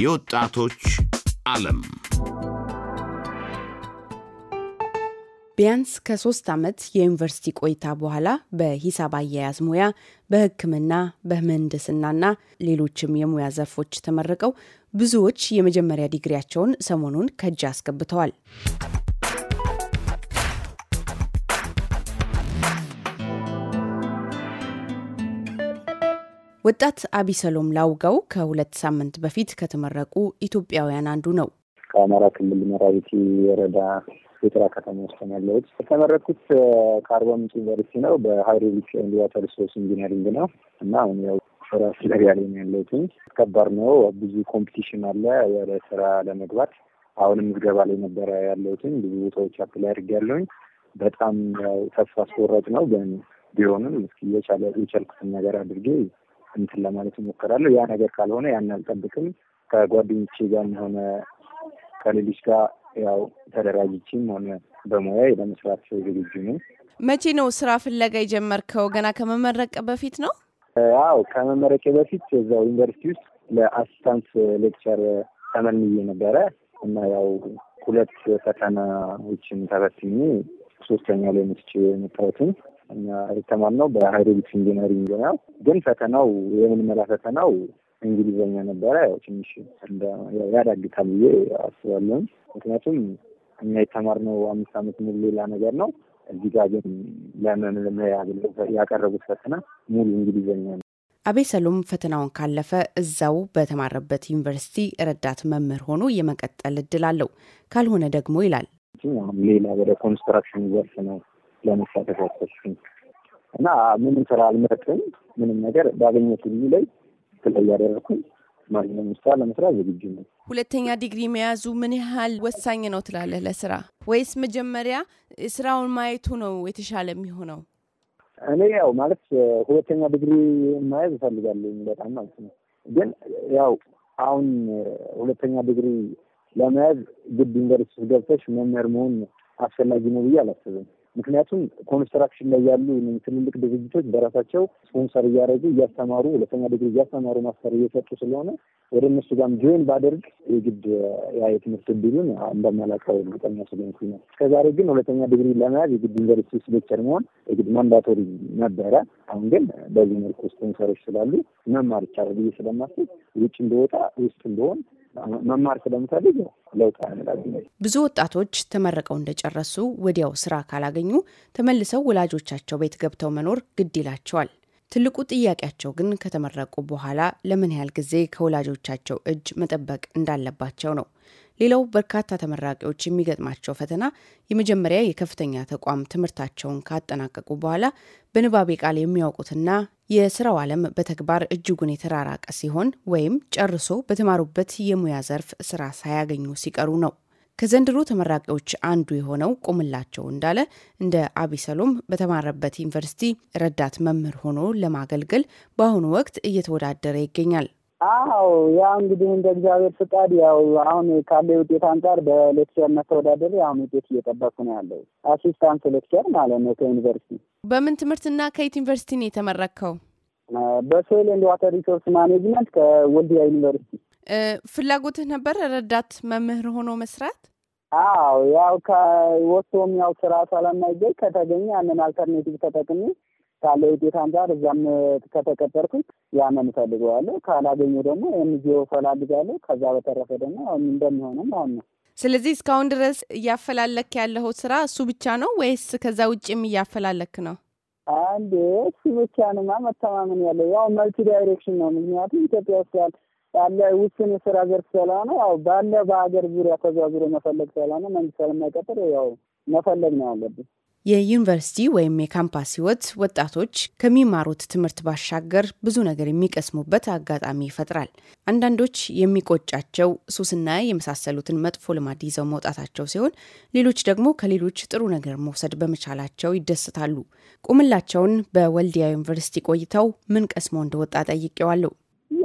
የወጣቶች ዓለም ቢያንስ ከሶስት ዓመት የዩኒቨርሲቲ ቆይታ በኋላ በሂሳብ አያያዝ ሙያ በሕክምና በምህንድስናና ሌሎችም የሙያ ዘርፎች ተመርቀው ብዙዎች የመጀመሪያ ዲግሪያቸውን ሰሞኑን ከእጅ አስገብተዋል። ወጣት አቢሰሎም ላውጋው ከሁለት ሳምንት በፊት ከተመረቁ ኢትዮጵያውያን አንዱ ነው። ከአማራ ክልል መራዊቲ ወረዳ የጥራ ከተማ ውስጥ ነው ያለሁት። የተመረኩት ከአርባ ምንጭ ዩኒቨርሲቲ ነው። በሃይድሮሊክ ኤንድ ዋተር ሪሶርስ ኢንጂነሪንግ ነው እና አሁን ያው ስራ ስለር ያለ ነው ያለሁትኝ። ከባድ ነው፣ ብዙ ኮምፒቲሽን አለ ወደ ስራ ለመግባት። አሁንም ምዝገባ ላይ ነበረ ያለሁትኝ። ብዙ ቦታዎች አፕላይ አድርግ ያለውኝ በጣም ተስፋ አስቆራጭ ነው፣ ግን ቢሆንም እስኪ የቻለ የቻልኩትን ነገር አድርጌ እንትን ለማለት እሞክራለሁ። ያ ነገር ካልሆነ ያን አልጠብቅም። ከጓደኞቼ ጋር ሆነ ከሌሎች ጋር ያው ተደራጅቼም ሆነ በሙያ ለመስራት ዝግጁ ነው። መቼ ነው ስራ ፍለጋ የጀመርከው? ገና ከመመረቅ በፊት ነው? አዎ ከመመረቄ በፊት እዛው ዩኒቨርሲቲ ውስጥ ለአሲስታንት ሌክቸር ተመልምዬ ነበረ እና ያው ሁለት ፈተናዎችን ተፈትኜ ሶስተኛ ላይ መስች የመጣሁትን እኛ የተማርነው በሃይድሮሊክስ ኢንጂነሪንግ ነው። ግን ፈተናው የምልመላ ፈተናው እንግሊዝኛ ነበረ። ያው ትንሽ ያዳግታል ብዬ አስባለሁ። ምክንያቱም እኛ የተማርነው አምስት ዓመት ሙሉ ሌላ ነገር ነው። እዚህ ጋር ግን ለመምልመያ ያቀረቡት ፈተና ሙሉ እንግሊዝኛ ነው። አቤሰሎም ፈተናውን ካለፈ እዛው በተማረበት ዩኒቨርሲቲ ረዳት መምህር ሆኖ የመቀጠል እድል አለው። ካልሆነ ደግሞ ይላል ሌላ ወደ ኮንስትራክሽን ዘርፍ ነው ለመሳተፍ ያሰብኩኝ እና ምንም ስራ አልመርጥም። ምንም ነገር ባገኘት ሁሉ ላይ ትለይ ያደረግኩኝ ማንኛውም ስራ ለመስራት ዝግጁ ነው። ሁለተኛ ዲግሪ መያዙ ምን ያህል ወሳኝ ነው ትላለህ ለስራ? ወይስ መጀመሪያ ስራውን ማየቱ ነው የተሻለ የሚሆነው? እኔ ያው ማለት ሁለተኛ ዲግሪ መያዝ እፈልጋለሁ በጣም ማለት ነው። ግን ያው አሁን ሁለተኛ ዲግሪ ለመያዝ ግድ ዩኒቨርሲቲ ገብተሽ መምህር መሆን አስፈላጊ ነው ብዬ አላስብም። ምክንያቱም ኮንስትራክሽን ላይ ያሉ ትልልቅ ድርጅቶች በራሳቸው ስፖንሰር እያደረጉ እያስተማሩ፣ ሁለተኛ ዲግሪ እያስተማሩ ማስተር እየሰጡ ስለሆነ ወደ እነሱ ጋርም ጆይን ባደርግ የግድ ያ የትምህርት እድሉን እንደማላቀው እርግጠኛ ስለሆንኩኝ ነው። እስከዛሬ ግን ሁለተኛ ዲግሪ ለመያዝ የግድ ዩኒቨርሲቲ ውስጥ ሌክቸር መሆን የግድ ማንዳቶሪ ነበረ። አሁን ግን በዚህ መልኩ ስፖንሰሮች ስላሉ መማር ይቻላል ብዬ ስለማስብ ውጭ እንደወጣ ውስጥ እንደሆን መማር ስለምፈልግ ለውጥ ብዙ ወጣቶች ተመርቀው እንደጨረሱ ወዲያው ስራ ካላገኙ ተመልሰው ወላጆቻቸው ቤት ገብተው መኖር ግድ ይላቸዋል። ትልቁ ጥያቄያቸው ግን ከተመረቁ በኋላ ለምን ያህል ጊዜ ከወላጆቻቸው እጅ መጠበቅ እንዳለባቸው ነው። ሌላው በርካታ ተመራቂዎች የሚገጥማቸው ፈተና የመጀመሪያ የከፍተኛ ተቋም ትምህርታቸውን ካጠናቀቁ በኋላ በንባቤ ቃል የሚያውቁትና የስራው ዓለም በተግባር እጅጉን የተራራቀ ሲሆን ወይም ጨርሶ በተማሩበት የሙያ ዘርፍ ስራ ሳያገኙ ሲቀሩ ነው። ከዘንድሮ ተመራቂዎች አንዱ የሆነው ቁምላቸው እንዳለ እንደ አቢሰሎም በተማረበት ዩኒቨርሲቲ ረዳት መምህር ሆኖ ለማገልገል በአሁኑ ወቅት እየተወዳደረ ይገኛል። አዎ ያው እንግዲህ እንደ እግዚአብሔር ፍቃድ ያው አሁን ካለ ውጤት አንጻር በሌክቸር መተወዳደር አሁን ውጤት እየጠበቁ ነው ያለው። አሲስታንት ሌክቸር ማለት ነው ከዩኒቨርሲቲ። በምን ትምህርትና ከየት ዩኒቨርሲቲ ነው የተመረከው? በሶይል ኤንድ ዋተር ሪሶርስ ማኔጅመንት ከወልዲያ ዩኒቨርሲቲ። ፍላጎትህ ነበር ረዳት መምህር ሆኖ መስራት? አዎ ያው ከወጥቶም ያው ስራ ሰላም ከተገኘ ያንን አልተርኔቲቭ ተጠቅሜ ካለው ውጤት አንጻር እዛም ከተቀጠርኩኝ ያንን እፈልገዋለሁ። ካላገኘሁ ደግሞ ኤንጂኦ እፈላልጋለሁ። ከዛ በተረፈ ደግሞ እንደሚሆነው አሁን ነው። ስለዚህ እስካሁን ድረስ እያፈላለክ ያለው ስራ እሱ ብቻ ነው ወይስ ከዛ ውጭም እያፈላለክ ነው? አንድ እሱ ብቻ ነማ መተማመን ያለው ያው መልቲ ዳይሬክሽን ነው። ምክንያቱም ኢትዮጵያ ውስጥ ያል ያለ ውስን የስራ ዘርፍ ስለሆነ ያው ባለ በሀገር ዙሪያ ተዘዋውሮ መፈለግ ስለሆነ መንግስት ስለማይቀጥር ያው መፈለግ ነው ያለብን። የዩኒቨርሲቲ ወይም የካምፓስ ህይወት ወጣቶች ከሚማሩት ትምህርት ባሻገር ብዙ ነገር የሚቀስሙበት አጋጣሚ ይፈጥራል። አንዳንዶች የሚቆጫቸው ሱስና የመሳሰሉትን መጥፎ ልማድ ይዘው መውጣታቸው ሲሆን፣ ሌሎች ደግሞ ከሌሎች ጥሩ ነገር መውሰድ በመቻላቸው ይደስታሉ። ቁምላቸውን በወልዲያ ዩኒቨርሲቲ ቆይተው ምን ቀስሞ እንደወጣ ጠይቄዋለሁ።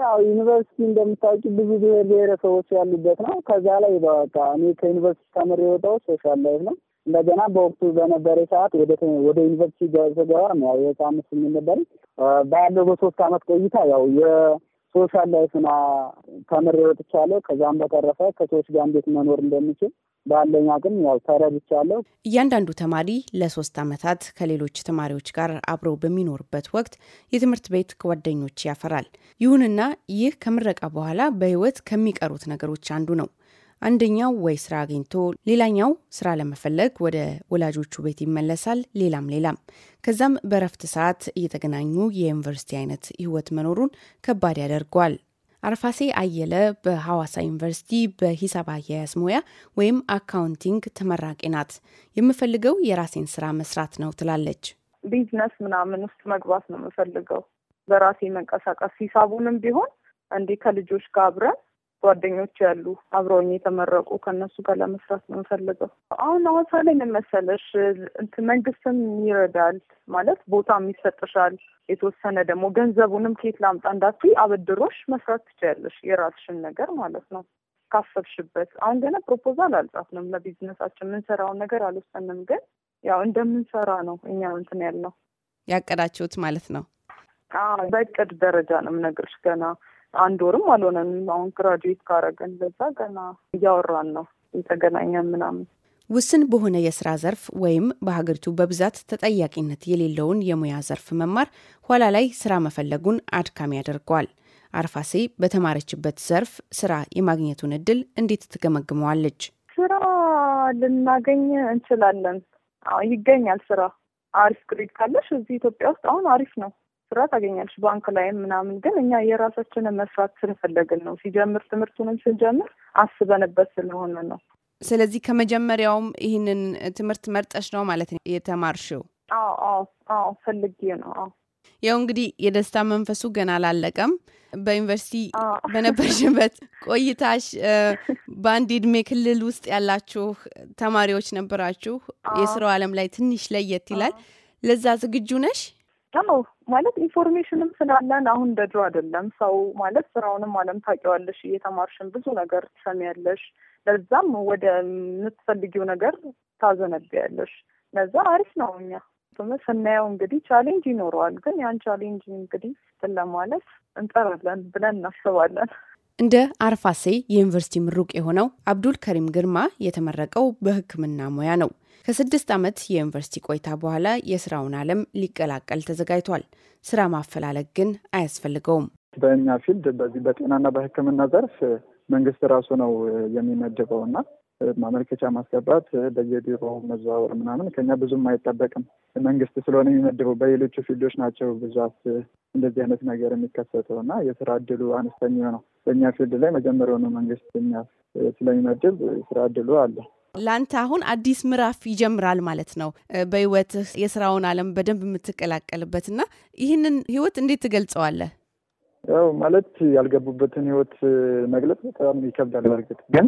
ያው ዩኒቨርሲቲ እንደምታውቂ ብዙ ብሔር ብሔረሰቦች ያሉበት ነው። ከዛ ላይ በቃ እኔ ከዩኒቨርሲቲ ተምሬ የወጣው ሶሻል ላይፍ ነው እንደገና በወቅቱ በነበረ ሰዓት ወደ ዩኒቨርሲቲ ስገባም ያው የሳምንት ስምንት ባለው በሶስት አመት ቆይታ ያው የሶሻል ላይፍና ተምሬ ወጥቻለሁ። ከዛም በተረፈ ከሰዎች ጋር እንዴት መኖር እንደሚችል ባለኝ አቅም ያው ተረድቻለሁ። እያንዳንዱ ተማሪ ለሶስት አመታት ከሌሎች ተማሪዎች ጋር አብሮ በሚኖርበት ወቅት የትምህርት ቤት ጓደኞች ያፈራል። ይሁንና ይህ ከምረቃ በኋላ በህይወት ከሚቀሩት ነገሮች አንዱ ነው። አንደኛው ወይ ስራ አግኝቶ ሌላኛው ስራ ለመፈለግ ወደ ወላጆቹ ቤት ይመለሳል። ሌላም ሌላም ከዛም በእረፍት ሰዓት እየተገናኙ የዩኒቨርሲቲ አይነት ህይወት መኖሩን ከባድ ያደርገዋል። አርፋሴ አየለ በሐዋሳ ዩኒቨርሲቲ በሂሳብ አያያዝ ሙያ ወይም አካውንቲንግ ተመራቂ ናት። የምፈልገው የራሴን ስራ መስራት ነው ትላለች። ቢዝነስ ምናምን ውስጥ መግባት ነው የምፈልገው፣ በራሴ መንቀሳቀስ ሂሳቡንም ቢሆን እንዲህ ከልጆች ጋር አብረን ጓደኞች ያሉ አብረውኝ የተመረቁ ከእነሱ ጋር ለመስራት ነው የምፈልገው። አሁን ሐዋሳ ላይ ምን መሰለሽ መንግስትም ይረዳል ማለት ቦታም ይሰጥሻል። የተወሰነ ደግሞ ገንዘቡንም ኬት ላምጣ እንዳትዪ አበድሮሽ መስራት ትችያለሽ፣ የራስሽን ነገር ማለት ነው ካሰብሽበት። አሁን ገና ፕሮፖዛል አልጻፍንም ለቢዝነሳችን የምንሰራውን ነገር አልወሰንም፣ ግን ያው እንደምንሰራ ነው እኛ እንትን ያልነው ያቀዳችሁት ማለት ነው። በእቅድ ደረጃ ነው የምነግርሽ ገና አንድ ወርም አልሆነንም። አሁን ግራጁዌት ካረገን በዛ ገና እያወራን ነው የተገናኘ ምናምን ውስን በሆነ የስራ ዘርፍ ወይም በሀገሪቱ በብዛት ተጠያቂነት የሌለውን የሙያ ዘርፍ መማር ኋላ ላይ ስራ መፈለጉን አድካሚ ያደርገዋል። አርፋሴ በተማረችበት ዘርፍ ስራ የማግኘቱን እድል እንዴት ትገመግመዋለች? ስራ ልናገኝ እንችላለን። ይገኛል ስራ አሪፍ ግሬድ ካለሽ እዚህ ኢትዮጵያ ውስጥ አሁን አሪፍ ነው ስራ ታገኛለች ባንክ ላይም ምናምን። ግን እኛ የራሳችንን መስራት ስንፈለግን ነው። ሲጀምር ትምህርቱንም ስንጀምር አስበንበት ስለሆነ ነው። ስለዚህ ከመጀመሪያውም ይህንን ትምህርት መርጠሽ ነው ማለት ነው የተማርሽው? አዎ አዎ ፈልጌ ነው። አዎ ያው እንግዲህ የደስታ መንፈሱ ገና አላለቀም። በዩኒቨርሲቲ በነበርሽበት ቆይታሽ በአንድ እድሜ ክልል ውስጥ ያላችሁ ተማሪዎች ነበራችሁ። የስራው ዓለም ላይ ትንሽ ለየት ይላል። ለዛ ዝግጁ ነሽ? ማለት ኢንፎርሜሽንም ስላለን አሁን እንደ ድሮ አይደለም። ሰው ማለት ስራውንም አለም ታውቂዋለሽ፣ እየተማርሽን ብዙ ነገር ትሰሚያለሽ። ለዛም ወደ የምትፈልጊው ነገር ታዘነቢያለሽ። ለዛ አሪፍ ነው። እኛ ስናየው እንግዲህ ቻሌንጅ ይኖረዋል፣ ግን ያን ቻሌንጅ እንግዲህ እንትን ለማለፍ እንጠራለን ብለን እናስባለን። እንደ አርፋሴ የዩኒቨርሲቲ ምሩቅ የሆነው አብዱል ከሪም ግርማ የተመረቀው በሕክምና ሙያ ነው። ከስድስት ዓመት የዩኒቨርሲቲ ቆይታ በኋላ የስራውን ዓለም ሊቀላቀል ተዘጋጅቷል። ስራ ማፈላለግ ግን አያስፈልገውም። በእኛ ፊልድ በዚህ በጤናና በሕክምና ዘርፍ መንግስት ራሱ ነው የሚመድበው እና ማመልከቻ ማስገባት፣ በየቢሮ መዘዋወር ምናምን ከኛ ብዙም አይጠበቅም። መንግስት ስለሆነ የሚመድበው በሌሎቹ ፊልዶች ናቸው ብዛት እንደዚህ አይነት ነገር የሚከሰተው እና የስራ እድሉ አነስተኛ ነው። በእኛ ፊልድ ላይ መጀመሪያውኑ መንግስት እኛ ስለሚመድብ ስራ እድሉ አለ። ለአንተ አሁን አዲስ ምዕራፍ ይጀምራል ማለት ነው። በህይወት የስራውን አለም በደንብ የምትቀላቀልበት እና ይህንን ህይወት እንዴት ትገልጸዋለህ? ያው ማለት ያልገቡበትን ህይወት መግለጽ በጣም ይከብዳል። በእርግጥ ግን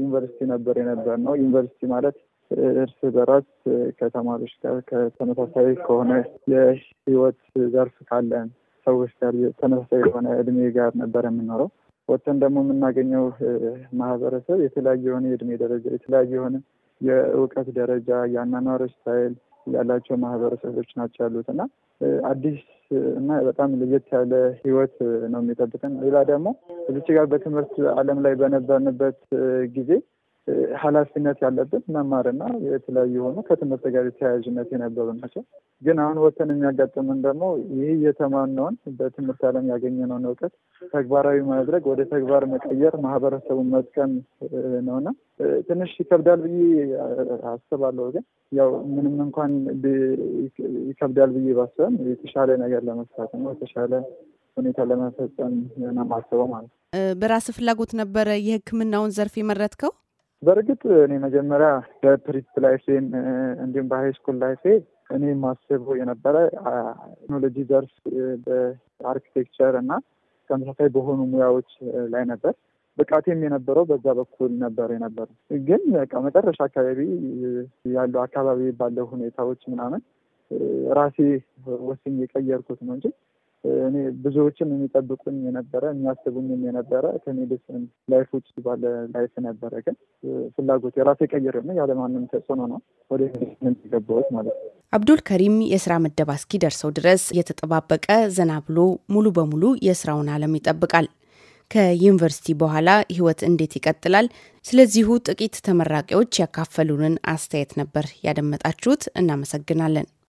ዩኒቨርሲቲ ነበር የነበር ነው። ዩኒቨርሲቲ ማለት እርስ በራስ ከተማሪዎች ጋር ከተመሳሳይ ከሆነ የህይወት ዘርፍ ካለን ሰዎች ጋር ተመሳሳይ የሆነ እድሜ ጋር ነበር የምኖረው። ወጥተን ደግሞ የምናገኘው ማህበረሰብ የተለያየ የሆነ የእድሜ ደረጃ፣ የተለያየ የሆነ የእውቀት ደረጃ፣ የአናኗሮች ስታይል ያላቸው ማህበረሰቦች ናቸው ያሉት እና አዲስ እና በጣም ለየት ያለ ህይወት ነው የሚጠብቀን። ሌላ ደግሞ እዚች ጋር በትምህርት አለም ላይ በነበርንበት ጊዜ ኃላፊነት ያለብን መማርና የተለያዩ የሆኑ ከትምህርት ጋር የተያያዥነት የነበሩ ናቸው። ግን አሁን ወተን የሚያጋጥምን ደግሞ ይህ እየተማርነውን በትምህርት ዓለም ያገኘነውን እውቀት ተግባራዊ ማድረግ ወደ ተግባር መቀየር ማህበረሰቡን መጥቀም ነውና ትንሽ ይከብዳል ብዬ አስባለሁ። ግን ያው ምንም እንኳን ይከብዳል ብዬ ባስበም የተሻለ ነገር ለመስራት ነው የተሻለ ሁኔታ ለመፈጸም ነው የማስበው ማለት ነው። በራስ ፍላጎት ነበረ የሕክምናውን ዘርፍ የመረጥከው? በእርግጥ እኔ መጀመሪያ በፕሪፕ ላይፌ እንዲሁም በሃይስኩል ላይፌ እኔ ማስበው የነበረ ቴክኖሎጂ ዘርፍ በአርኪቴክቸር እና ተመሳሳይ በሆኑ ሙያዎች ላይ ነበር። ብቃቴም የነበረው በዛ በኩል ነበር የነበረ ግን በቃ መጨረሻ አካባቢ ያለው አካባቢ ባለው ሁኔታዎች ምናምን ራሴ ወስኝ የቀየርኩት ነው እንጂ እኔ ብዙዎችም የሚጠብቁኝ የነበረ የሚያስቡኝም የነበረ ከሜዲሲን ላይፍ ውጭ ባለ ላይፍ ነበረ። ግን ፍላጎት የራሴ ቀይር ነው ያለማንም ተጽዕኖ ነው ወደ ሜዲስን የገባሁት ማለት ነው። አብዱል ከሪም የስራ መደባ እስኪ ደርሰው ድረስ የተጠባበቀ ዘና ብሎ ሙሉ በሙሉ የስራውን አለም ይጠብቃል። ከዩኒቨርሲቲ በኋላ ህይወት እንዴት ይቀጥላል? ስለዚሁ ጥቂት ተመራቂዎች ያካፈሉንን አስተያየት ነበር ያደመጣችሁት። እናመሰግናለን።